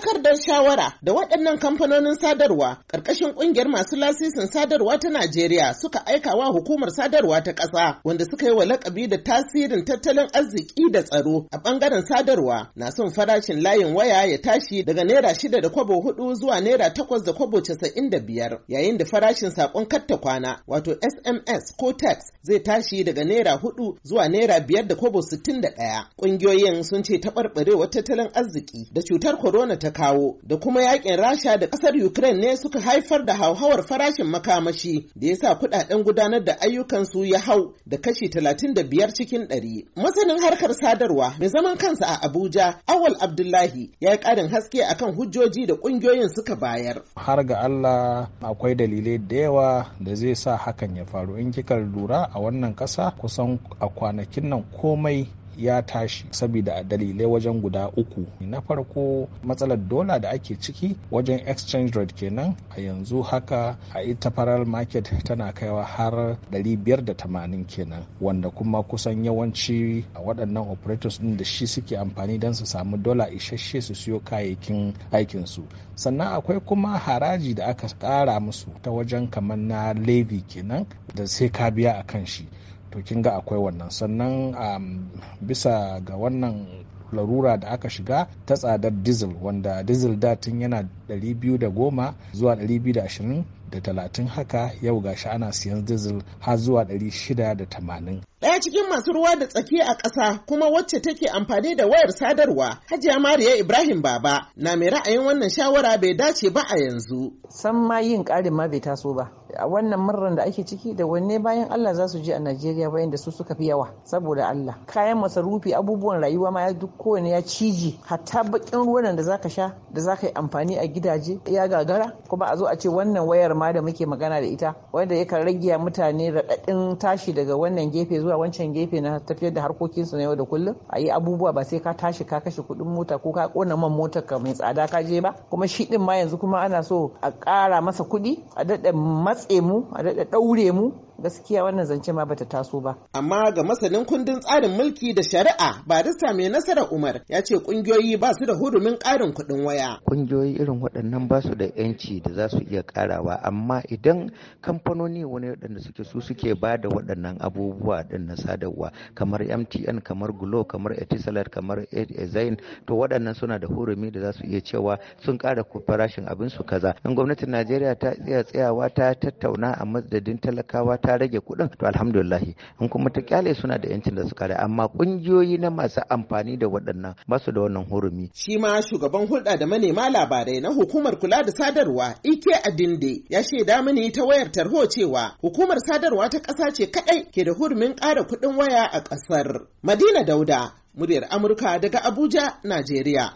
takardar shawara da waɗannan kamfanonin sadarwa ƙarƙashin ƙungiyar masu lasisin sadarwa ta Najeriya suka aika wa hukumar sadarwa ta ƙasa wanda suka yi wa lakabi da tasirin tattalin arziki da tsaro a ɓangaren sadarwa na son farashin layin waya ya tashi daga naira shida da kwabo hudu zuwa naira takwas da kwabo casa'in da biyar yayin da farashin saƙon katta kwana wato SMS ko tax zai tashi daga naira hudu zuwa naira biyar da kwabo sittin da ɗaya. Ƙungiyoyin sun ce taɓarɓarewar tattalin arziki da cutar corona ta kawo da kuma yakin rasha da kasar ukraine ne suka haifar da hauhawar farashin makamashi da ya sa kudaden gudanar da ayyukansu ya hau da kashi talatin da biyar cikin ɗari masanin harkar sadarwa mai zaman kansa a abuja awal abdullahi ya yi ƙarin haske akan hujjoji da ƙungiyoyin suka bayar har ga allah akwai dalilai da yawa da zai sa hakan ya faru in kika lura a wannan ƙasa kusan a kwanakin nan komai ya tashi saboda a dalilai wajen guda uku na farko matsalar dola da ake ciki wajen exchange rate kenan a yanzu haka a ita farar market tana kaiwa har 580 kenan wanda kuma kusan yawanci a waɗannan operators din da shi suke amfani don su samu dola isasshe su siyo kayayyakin aikinsu sannan akwai kuma haraji da aka ƙara musu ta wajen kamar na levy kenan da sai ka biya a kan shi to kin ga akwai wannan sannan um, bisa ga wannan larura da aka shiga ta tsadar diesel wanda diesel datin yana 210 zuwa 220 da talatin haka yau gashi ana siyan dizil har zuwa ɗari shida da tamanin. Ɗaya cikin masu ruwa da tsaki a ƙasa kuma wacce take amfani da wayar sadarwa Hajiya Mariya Ibrahim Baba na mai ra'ayin wannan shawara bai dace ba a yanzu. San ma yin ƙarin ma bai taso ba. a wannan murran da ake ciki da wanne bayan Allah za su je a Najeriya bayan da su suka fi yawa saboda Allah kayan masarufi abubuwan rayuwa ma duk kowane ya ciji hatta bakin ruwan da zaka sha da zaka yi amfani a gidaje ya gagara kuma a zo a ce wannan wayar ma da muke magana da ita wanda yakan rage mutane raɗaɗin tashi daga wannan gefe zuwa wancan gefe na tafiyar da harkokin su na yau da kullum a yi abubuwa ba sai ka tashi ka kashe kuɗin mota ko ka kona man motar ka mai tsada ka je ba kuma shi ɗin ma yanzu kuma ana so a ƙara masa kuɗi a daɗa matsa matse mu a daɗa ɗaure mu gaskiya wannan zance ma bata taso ba. Amma ga masanin kundin tsarin mulki da shari'a barista mai nasarar Umar ya ce kungiyoyi ba su da hurumin ƙarin kuɗin waya. Kungiyoyi irin waɗannan ba su da yanci da za su iya ƙarawa amma idan kamfanoni wani waɗanda suke su suke ba da waɗannan abubuwa ɗin na sadarwa kamar MTN kamar Glo kamar Etisalat kamar Zain to waɗannan suna da hurumi da za su iya cewa sun ƙara farashin abin su kaza. In gwamnatin Najeriya ta tsaya tsayawa ta tattauna a madadin talakawa ta rage kuɗin to alhamdulillah in kuma ta kyale suna da yancin da su kare amma ƙungiyoyi na masu amfani da waɗannan ba su da wannan hurumi. Shi ma shugaban hulɗa da manema labarai na hukumar kula da sadarwa Ike Adinde ya shaida mini ta wayar tarho cewa hukumar sadarwa ta ƙasa ce kaɗai ke da hurumin ƙara kuɗin waya a ƙasar. Madina Dauda, muryar Amurka daga Abuja, Najeriya.